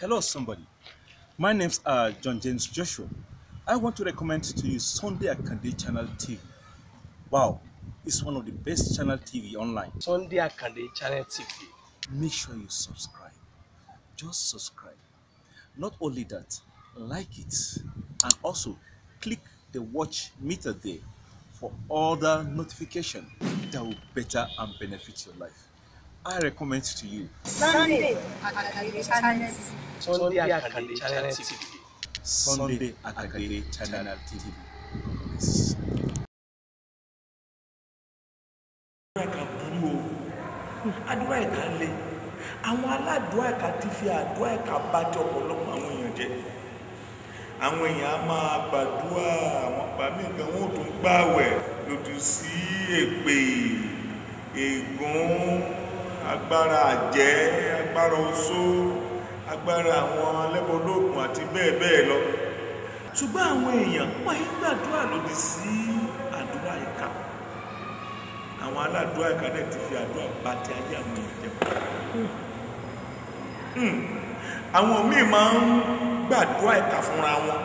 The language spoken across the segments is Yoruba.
Hello, somebody. My name's uh, John James Joshua. I want to recommend to you Sunday Akande Channel TV. Wow, it's one of the best channel TV online. Sunday Akande Channel TV. Make sure you subscribe. Just subscribe. Not only that, like it and also click the watch meter there for other notification that will better and benefit your life. I recommend to you. Sunday Akande Channel TV. Sunday Akande Channel TV. Sunday Akande Channel TV. Yes. Àdúrà ẹ̀ka burú o, àwọn aládùúrà ẹ̀ka ti fi àdúrà ẹ̀ka bá jọ àwọn èèyàn jẹ. Àwọn èèyàn á máa gbàdúrà àwọn bàmí nǹkan wọn ò tún gbààwẹ̀ lòdì sí èpè ègún agbára àjẹ́ agbára oṣó agbára àwọn ẹlẹ́bọ̀lóògùn àti bẹ́ẹ̀ bẹ́ẹ̀ lọ ṣùgbọ́n àwọn èèyàn wọ́n yí gbàdúrà lòdì sí àdúrà ìka àwọn aládùúrà ìka náà ti fi àdúrà bá ti ayé àwọn èèyàn jẹ hmm. àwọn míì máa ń gbàdúrà ìka fúnra wọn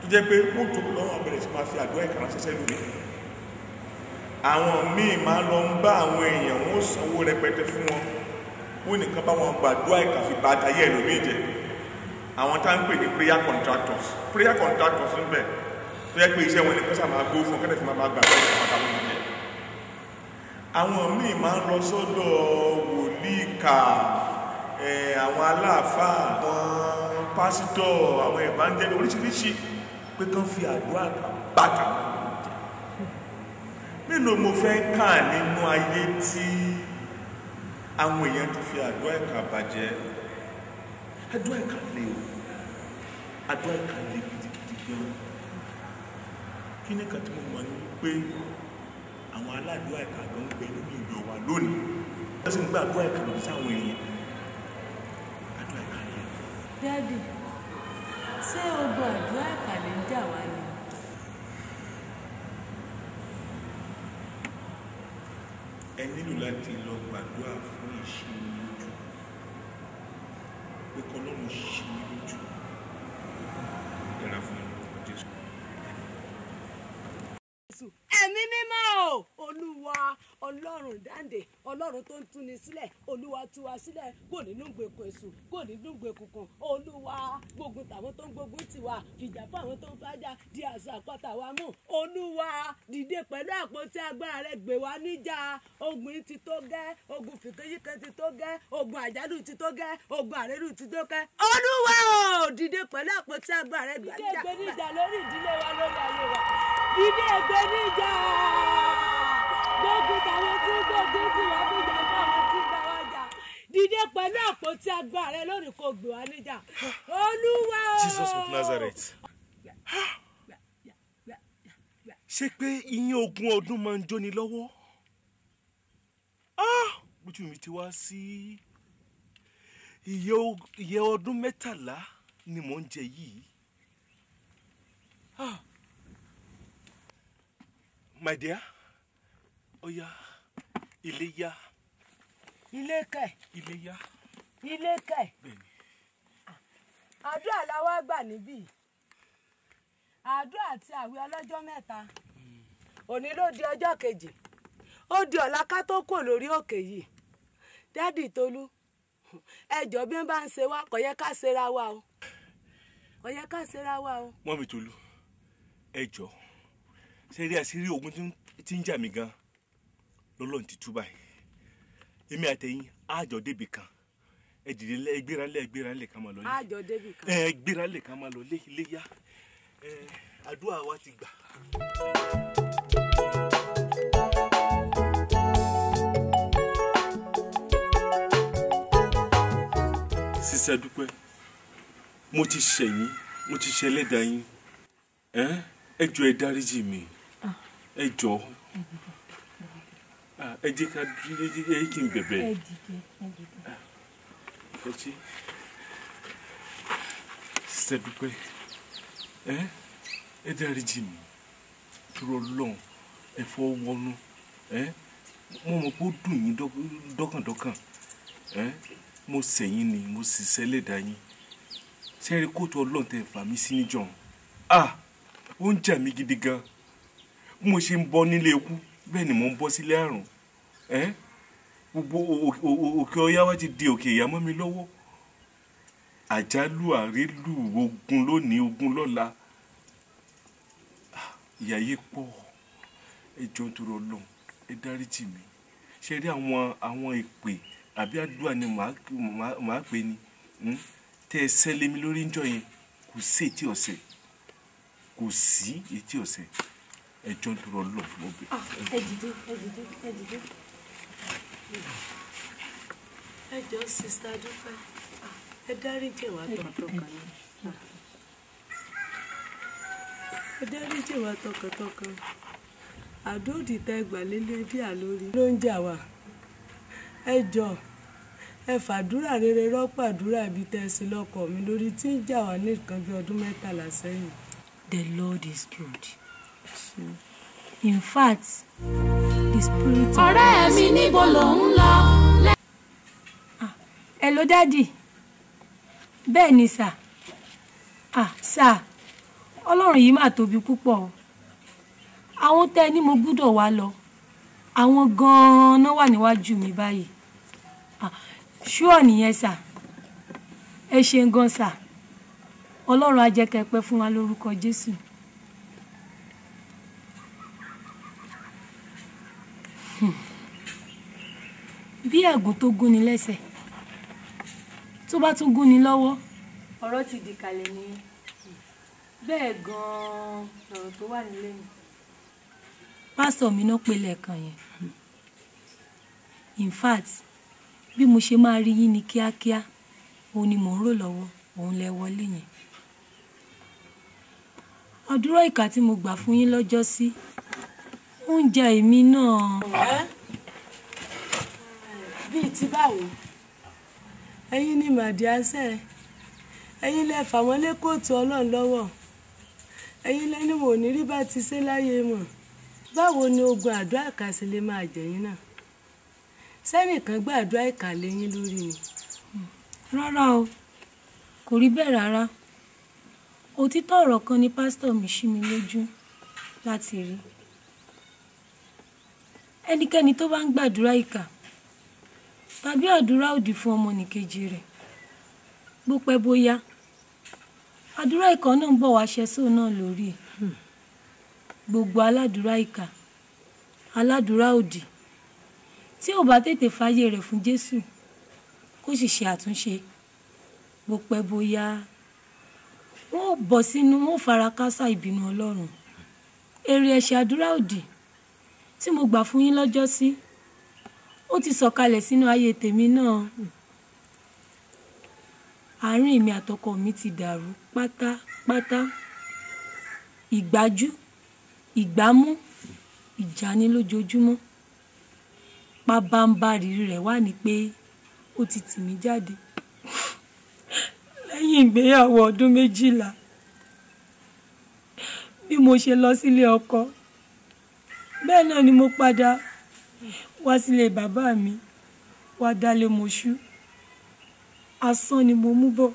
tó jẹ́ pé wọ́n lọ́wọ́ bẹ̀rẹ̀ sí máa fi àdúrà ìka ránṣẹ́ sẹ́lùmí àwọn míì máa lọ ń bá àwọn èèyàn wọn ó sanwó rẹpẹtẹ fún wọn wọn nìkan bá wọn gbàdúrà ìkàfi bá àtàyè ẹlòmíì jẹ àwọn tá à ń pè ní prayer contractors prayer contractors ń bẹ tó yẹ pé iṣẹ́ wọn nìkan sábà gbó fún kẹ́tẹ́ fún máa gbàdúrà ìkàfi bá àtàyè àwọn míì máa ń lọ sọ́dọ̀ wòlíì kà àwọn aláàfáà àwọn pásítọ̀ àwọn evangelist oríṣiríṣi pé kán fi àdúrà bàtà wọn mélòó mo fẹ́ kà nínú ayé tí àwọn èèyàn ti fi àdúrà ẹ̀ka bàjẹ́ àdúrà ẹ̀ka lè o àdúrà ẹ̀ka lè gidigidi gan kí ni kàtí mo mọ̀ ní wípé àwọn aládùúrà ẹ̀ka gan ń gbẹ nínú ìlú wa lónìí wọ́n sì ń gba àdúrà ẹ̀ka lòdì sáwọn èèyàn àdúrà ẹ̀ka lè. dádì ṣé o gbọ́ àdúrà ẹ̀ka lè ń jà wáyé. ẹ nílò láti lọ gbàdúrà fún ìṣirò lójú pé kọlọ́run ṣe mí lójú yẹra fún mi. ẹ̀mí mímọ́ o olúwa ọlọ́run dáǹdè ọlọ́run tó ń túni sílẹ̀ olúwa tú wa sílẹ̀ kò nínú gbèkùn èṣù kò nínú gbèkùnkùn olúwa gbógun tàwọn tó ń gbógun tiwa fìjà fún àwọn tó ń fàjà di àṣà àpáta wa mú olúwa dìde pẹ̀lú àpótí agbára rẹ gbè wá níjà ogun yìí ti tó gẹ́ ogun fìkéyíkẹ ti tó gẹ́ ogun àjálù ti tó gẹ́ ogun àrẹ́rù ti tó gẹ́ olúwa o dìde pẹ̀lú àpótí agbára rẹ gbà níjà. dìde ègbé níjà lórí ìdílé wa lórí ayé wa dìde ègbé níjà gbógun pẹ̀lú àpótí agbára rẹ kò gbé wa níjà olúwa o. Jesus of Nazareth. ṣé pé ìyẹn ogún ọdún máa ń jóni lọ́wọ́ lójú mi ti wá sí iye ọdún mẹ́tàlá ni mò ń jẹ yìí my dear Oya, ilé yá. ilé kẹ. ilé yá. ilé kẹ. bẹ́ẹ̀ni. àdúrà la wá gbà níbí àdúrà àti àwẹ̀ ọlọ́jọ́ mẹ́ta hmm. òní ló di ọjọ́ kejì ó di ọ̀la ká tó kò lórí òkè yìí dádì tolú ẹjọ́ bí wọ́n bá ń ṣe wá kò yẹ ká ṣera wa o kò yẹ ká ṣera wa o. mọ́mì tolú ẹjọ́. E ṣe rí àṣírí ogun tí ń jà mí gan lọ́lọ́run ti tú báyìí èmi àtẹ̀yìn àjọ débi kan ẹ dìde lẹ gbéra lẹ gbéra lẹ ká máa lọ lé àjọ débi kan ẹ gbéra lẹ ká máa lọ lé iléyà ẹ àdúrà wa ti gbà. sísẹ́ dúpẹ́ mo ti ṣẹ̀yìn mo ti ṣẹlẹ́dàá yín ẹ jọ̀ọ́ ẹ dáríjì mi ẹ jọ ẹ jẹ ká ẹ kí n bẹ̀bẹ̀ ẹ ti sẹdúpẹ́ ẹ ẹ dárí jì mí dúró lọ́hùn ẹ fọ́ wọnú ẹ mo mọ̀ pé ó dùn yín dọ́kàndọ́kàn ẹ mo sẹ̀yìn ni mo sì sẹ́lẹ̀ dá yín sẹ́rí kóòtù ọlọ́ọ̀tẹ̀ fàmí sí níjọ́ ah ó ń jà mí gidi gan-an bí mo ṣe ń bọ́ nílé ikú bẹ́ẹ̀ ni mo ń bọ́ sílé àrùn gbogbo òkè ọyá wa ti di òkè ìyá mọ́ mi lọ́wọ́ àjálù àrélù ogun lónìí ogun lọ́la ah, ìyà yìí pọ̀ ẹ jọ̀ọ́ nítorí Ọlọ́run ẹ dáríjì mi ṣe rí àwọn àwọn èpè àbí àdúrà ni màá pè ní hmm? tẹ ẹ sẹ́lẹ̀ mi lórí ńjọ́ yẹn kò sí etí ọ̀sẹ̀ kò sí etí ọ̀sẹ̀ ẹjọ́ dúró lọ fún obì. Ah, ẹ sista dúpẹ́ ah, ẹ dárí jẹ tọkàntọkàn ni ah, ẹ dárí jẹ tọkàntọkàn àdóòdì tẹ lórí ló ń jà wá ẹ ẹ fàdúrà rere rọ́pò àdúrà ibi tẹ ẹ sí lọ́kọ mi lórí tí ń jà wá nìkan bí ọdún mẹ́tàlá sẹ́yìn. The Lord is good in fact the spirit of. ọ̀rẹ́ mi níbo ló ń lọ. ẹ ló dádì bẹ́ẹ̀ ni sà ah, sà ọlọ́run yìí mà tóbi púpọ̀ o àwọn tẹ́ ẹ ní mo gbúdọ̀ wá lọ àwọn gan-an wà níwájú mi báyìí ah, ṣúọ̀ nìyẹn sà ẹ ṣeun gan sà ọlọ́run á jẹ́ kẹ́ pẹ́ fún wa lórúkọ jésù. àgùn tó gún ni lẹ́sẹ̀ tó bá tún gún ni lọ́wọ́. ọ̀rọ̀ ti di kalẹ̀ ni bẹ́ẹ̀ gan-an lọ̀rọ̀ tó wà nílé mi. pásítọ̀ mi náà pe lẹ́ẹ̀kan yẹn in fact bí mo ṣe máa rí yín ní kíákíá òun ni mò ń rò lọ́wọ́ òun lẹ wọlé yẹn àdúrà ìkà tí mo gbà fún yín lọ́jọ́sí oúnjẹ èmi náà bíi ti báwo ẹ̀yin ni màdíásẹ́ ẹ̀yin lẹ fà wọ́n lé kóòtù ọlọ́run lọ́wọ́ ẹ̀yin lẹ́ni wò ní rí bá ti ṣe láyé mọ̀ báwo ni ogun àdúrà àkàsí lè máa jẹ̀yìn náà sẹ́nìkan gbàdúrà ìkàlẹ̀ yín lórí mi. rárá o kò rí bẹ́ẹ̀ rárá òtítọ́ ọ̀rọ̀ kan ni pásítọ̀ mi ṣí mi lójú láti rí ẹnikẹ́ni tó bá ń gbàdúrà ìkà tàbí àdúrà òdì fún ọmọnìkejì rẹ̀ bó pẹ́ bóyá àdúrà ìkà náà ń bọ̀ wá ṣẹ sóun náà lórí gbogbo aládùúrà ìkà aládùúrà òdì tí ò bá tètè fàyè rẹ̀ fún Jésù kó sì ṣe àtúnṣe bó pẹ́ bóyá wọn ò bọ̀ sínú wọn ò fara kásá ìbínú Ọlọ́run èrè ẹ̀ṣẹ̀ àdúrà òdì tí mo gbà fún yín lọ́jọ́ sí. Si ó ti sọ̀kalẹ̀ sínú ayé tèmi náà àárín èmi àtọkọ mi ti dàrú pátápátá ìgbájú ìgbámú ìjà ni lójoojúmọ́ pabambarì rẹ̀ wà ní pé ó ti tì mí jáde lẹ́yìn ìgbéyàwó ọdún méjìlá bí mo ṣe lọ sílé ọkọ bẹ́ẹ̀ náà ni mo padà wá sílé bàbá mi wá dálé moṣú asán ni mo mú bọ̀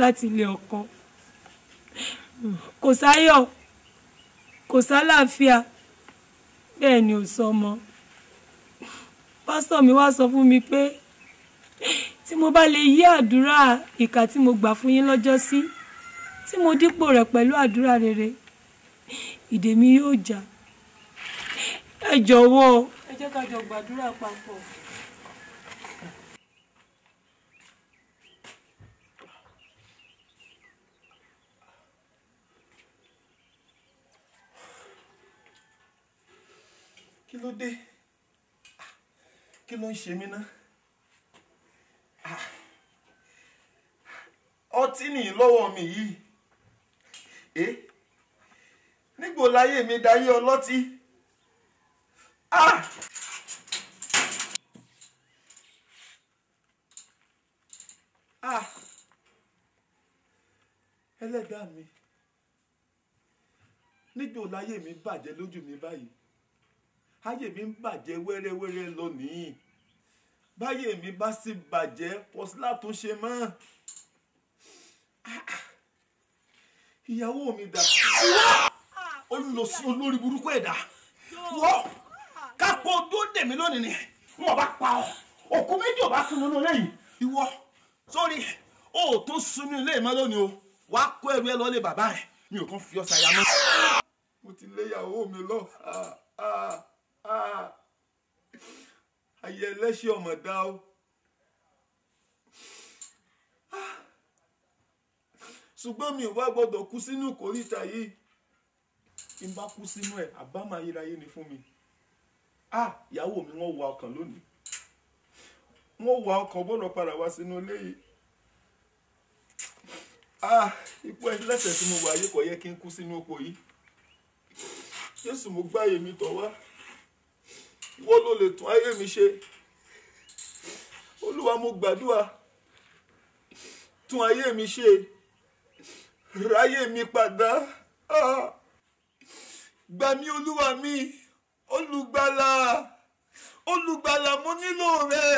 láti ilé ọkọ kò sáyọ̀ kò sálàáfíà bẹ́ẹ̀ ni ò sọmọ pásítọ̀ mi wá sọ fún mi pé tí mo bá lè yí àdúrà ìkà tí mo gbà fún yín lọ́jọ́ sí tí mo dípò rẹ̀ pẹ̀lú àdúrà rere ìdè mi yóò jà. Ja ẹ jọ̀wọ́. ẹ jẹ́ ká jọ gbàdúrà papọ̀. kí ló dé kí ló ń ṣe mí náà ọtí nìyí lọ́wọ́ mi yìí nígbò láyé mi dayé ọlọ́tí. Eh? Ah! Ah! Ẹlẹ́dàá mi. Níjó láyé mi bàjẹ́ lójú mi báyìí. Ayé mi ń bàjẹ́ wẹ́rẹ́wẹ́rẹ́ lónìí. Báyé mi bá sì bàjẹ́ pọ̀sílà tó ṣe mọ́. Ah, ah! Ìyàwó mi dà. Olùlọsí olórí burúkú ẹ̀dá. Wọ́n kápò dúró dèmí lónìí ni wọn bá pa ọ òkú méjì ò bá sún nínú ilé yìí. ìwọ sórí o ò tún sún nínú ilé mọ́ lónìí o wàá kó ẹrù ẹ lọ́lé bàbá rẹ mi ò kàn fi ọ ṣàyà mọ́. mo ti léyàwó mi lọ ah, ah, ah. ayé ẹlẹ́ṣẹ̀ ọmọ dá o. ṣùgbọ́n mi ò wá gbọ́dọ̀ kú sínú kòríta yìí. bí kú sínú ẹ̀ àbámayérayé ni fún mi ah ìyàwó mi wọ́n wa ọkàn lónìí wọ́n wa ọkàn gbọ́dọ̀ padà wá sínú ilé yìí ah ipò ẹni lẹ́sẹ̀ tí mo wà yìí kò yẹ kí n kú sínú oko yìí jésù mo gbá ayé mi tọ̀ wá wọ́n ló lè tún ayé mi ṣe olúwa mo gbàdúrà tún ayé mi ṣe ráyé mi padà ah, gbà mí olúwa mi olùgbàlà olùgbàlà mo nílò rẹ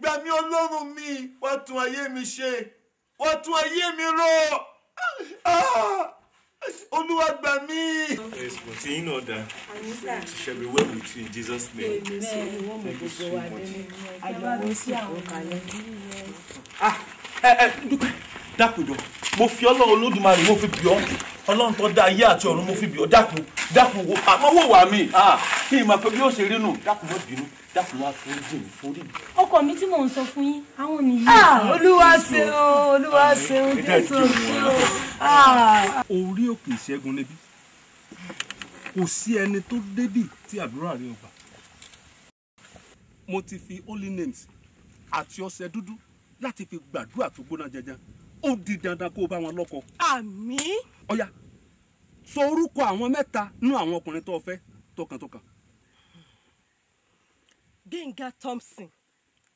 gbà mí ọlọ́run mi wá tún ayé mi ṣe wá tún ayé mi rọ olúwa gbà mí. ẹ̀sùn tí yín náà dáa ti ṣẹ̀bi well with you in Jesus name. dúpẹ́ dákùjọ mo fi ọlọ́run olódùmarè mo fi bì ọ́ ọlọ́run tó dá ayé àti ọ̀run mo fi bì ọ́ dákun dákun wo àmọ́ wò wá mi kí n máa pẹ́ bí ó ṣe rí nù dákun mọ́ bínú dákun wá fún jìn forí. ọkọ mi tí mò ń sọ fún yín àwọn nìyí. olúwa ah, ṣeun olúwa ṣeun jésù ṣeun. orí òkè ìṣẹ́gun níbí kò sí ẹni tó débì tí àdúrà rí ọba mo ti fi holy names àti ọṣẹ dúdú láti fi gbàdúrà tó gbóná janjan ó di dandan kó o bá wọn lọ́kọ. àmín. ọ̀ya sọ orúkọ àwọn mẹ́ta nú àwọn ọkùnrin tó fẹ́ tọkàntọkàn. Gbénga Thompson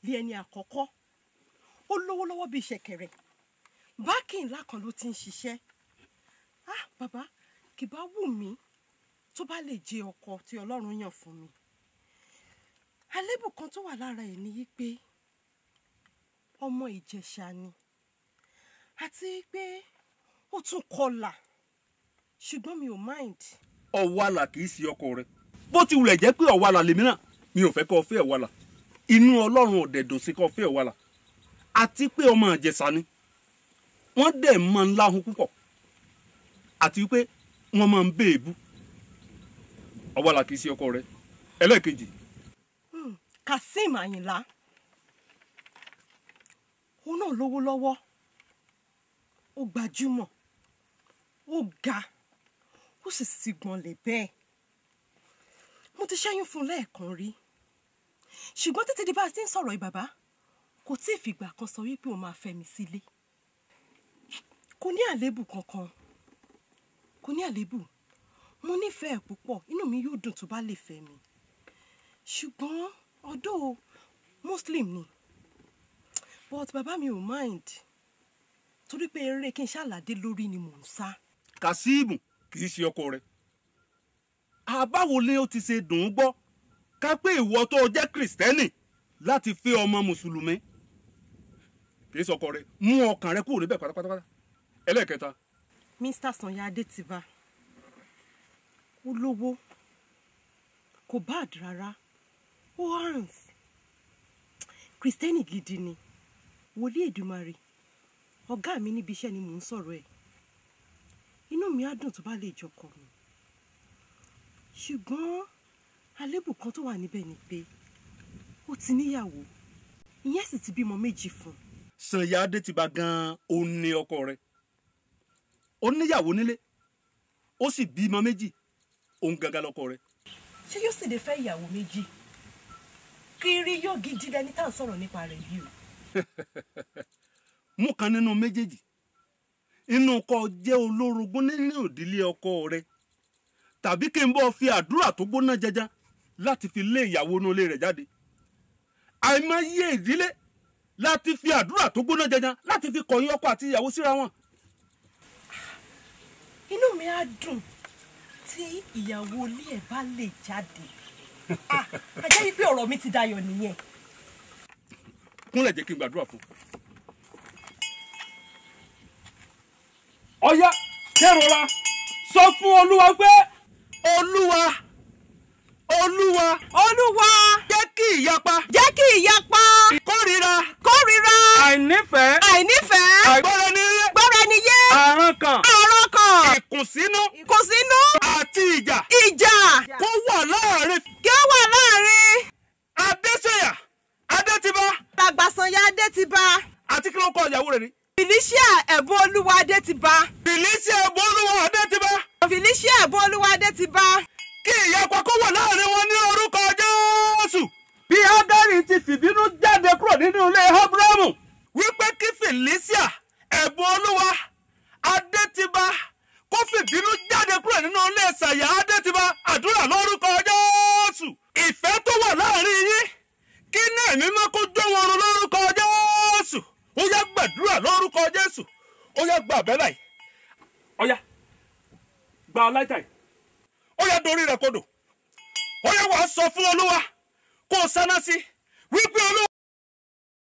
lé ẹni àkọ́kọ́ ó lówó lọ́wọ́ bíi ṣẹ̀kẹ̀rẹ̀ báàkì ńlá kan ló ti ń ṣiṣẹ́ ah bàbá kì bá wù mí tó bá lè jẹ ọkọ tí Ọlọ́run yàn fún mi àlébù kan tó wà lára ẹ̀ nìyí pé ọmọ Ìjẹ̀ṣà ni àti pé ó tún kọlà ṣùgbọ́n mi ò mind. ọ̀wàlà kì í ṣe ọkọ rẹ bó ti wulẹ̀ jẹ́ pé ọ̀wàlà lèmi náà mi ò fẹ́ kọ́ ọ fẹ́ ọ̀wàlà inú ọlọ́run ọ̀dẹ̀dùn sí kọ́ ọ fẹ́ ọ̀wàlà àti pé ọmọ àjẹsà ni wọ́n dẹ̀ máa ń láhùn púpọ̀ àti pé wọ́n máa ń béèbú ọ̀wàlà kì í ṣe ọkọ rẹ ẹlẹ́ẹ̀kejì. Hmm, Kazeem Àyìnlá òun náà lówó lọ́wọ́ ó gbajúmọ̀ ó ga ó sì sì gbọ̀nlẹ̀ bẹ́ẹ̀ mo ti ṣẹ́yún fún lẹ́ẹ̀kan rí ṣùgbọ́n títí di bá a ti ń sọ̀rọ̀ yìí bàbá kò tí ì fìgbà kan sọ wípé òun máa fẹ́ mi sílé kò ní àléébù kankan kò ní àléébù mo nífẹ̀ẹ́ púpọ̀ inú mi yóò dùn tó bá lè fẹ́ mi ṣùgbọ́n ọ̀dọ́ muslim ni but bàbá mi ò mind torí pé eré kí n ṣàlàdé lórí ni mò ń sá. Kasimu kì í ṣe ọkọ rẹ àbáwo ni ó ti ṣe dùn ún gbọ́ ká pé ìwọ tó o jẹ́ kìrìsìtẹ́nì láti fẹ́ ọmọ mùsùlùmí kì í sọkọ rẹ mú ọkàn rẹ kúrò níbẹ̀ pátápátá ẹlẹ́ẹ̀kẹta. mista sanya adetiba ó lówó kò bad rárá ó hans kìrìsìtẹ́nì gidi ni wòlíì èdùmarè ọ̀gá mi níbi iṣẹ́ ni mò ń sọ̀rọ̀ ẹ̀ inú mi á dùn tó bá lè jọkọ mi ṣùgbọ́n àlébù kan tó wà níbẹ̀ ni pé ó ti níyàwó ìyẹn sì ti bímọ méjì fún un. sànyà adétìbá gan o ó ní ọkọ rẹ̀ ó níyàwó nílé ó sì bímọ méjì òun gangan lọkọ rẹ̀. ṣé yóò sì lè fẹ́ ìyàwó méjì kiri yóò gidi lẹni tá à ń sọ̀rọ̀ nípa rẹ̀ yìí o. mú kan nínú méjèèjì inú kọ jẹ́ olórogún nínú ìdílé ọkọ rẹ tàbí kí n bọ́ fi àdúrà tó gbóná jẹja láti fi lé ìyàwó inú ilé rẹ̀ jáde àìmọye ìdílé láti fi àdúrà tó gbóná jẹja láti fi kọ̀yìn ọkọ àti ìyàwó síra wọn. inú mi á dùn tí ìyàwó ilé ẹ̀ bá lè jáde àjẹ́ ah, yìí pé ọ̀rọ̀ mi ti dayọ̀ nìyẹn. kúnlẹ̀ jẹ́ kí n gbàdúrà fún un. ọ̀yá kẹrọra sọ fún olúwa pé olúwa olúwa olúwa jẹ́ kí ìyapa jẹ́ kí ìyapa. abrahamu wípé kí felicia ẹ̀bùn olúwa adétiba kó fìbínú jáde kúrò nínú ilé ṣàyà adétiba àdúrà lórúkọ jésù ìfẹ́ tó wà láàrin yín kí ní ẹ̀mí mọ́ kó jó wọn run lórúkọ jésù ó yá gbàdúrà lórúkọ jésù ó yá gba àbẹ́là yìí ó gba ọláìtà yìí ó yá dorí rẹ̀ kodò ó yá wàá sọ fún olúwa kó o sáná sí wípé olúwa.